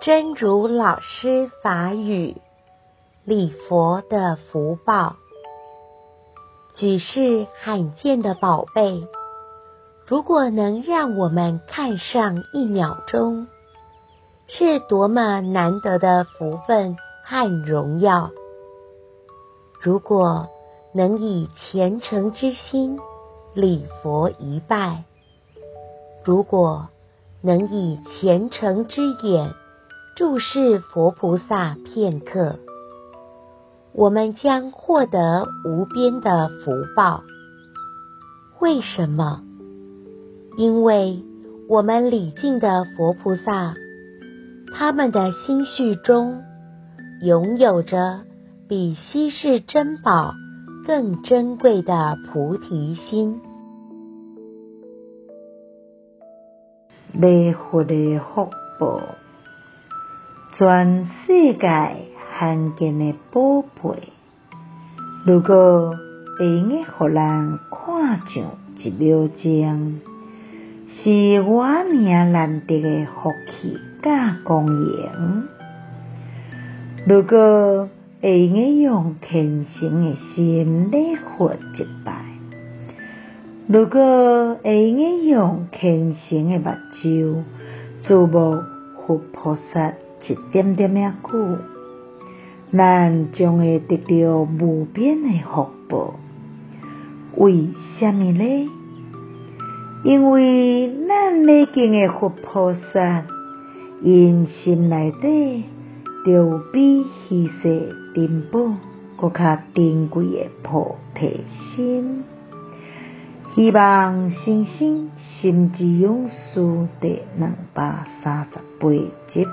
真如老師法語禮佛的福報，舉世罕見的寶貝。如果能讓我們看上一秒鐘，是多麼難得的福分和榮耀！如果能以虔誠之心禮佛一拜，如果能以虔誠之眼，注視佛菩薩片刻，我們將獲得無邊的福報。為什麼？因為我們禮敬的佛菩薩，他們的心續中擁有着比稀世珍寶更珍貴的菩提心，禮佛的福報。全世界罕見、hmm? 的寶貝，如果會以予人看上一秒鐘，是我命難得的福氣甲光榮。如果會用虔誠的心禮佛一拜，如果會用虔誠的目睭注目佛菩薩。一點點仔久，咱將會得到無邊的福報。為蝦米咧？因為咱禮敬的佛菩薩，因心內底對比稀世珍寶，擱較珍貴的菩提心。希望新生心之勇士第兩百三十八集。